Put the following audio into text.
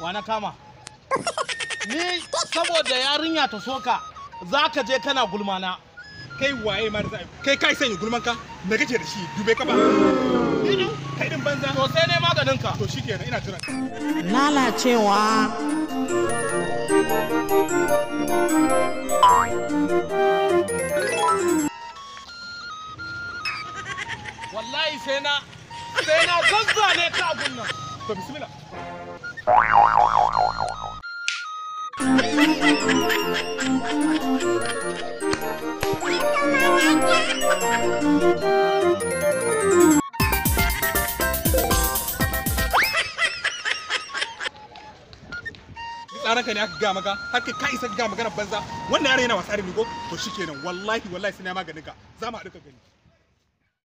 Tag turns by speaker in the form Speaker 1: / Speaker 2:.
Speaker 1: wa na kama ni saboda yarinya ta soka za ka je kana gulmana kai waye ma kai kai sanya gulman ka me kake da shi dube ka ba kai din banza to sai ne maganin ka to shikenan ina jira
Speaker 2: lalacewa
Speaker 3: wallahi sai na sai na zanzane ka abun to bismillah
Speaker 2: tsaranka
Speaker 1: ne aka ga maka har ka isa ga magana
Speaker 3: banza wannan yaro yana wasa da ni ko to shikenan wallahi wallahi sai na maganin ka za mu haɗu ka gani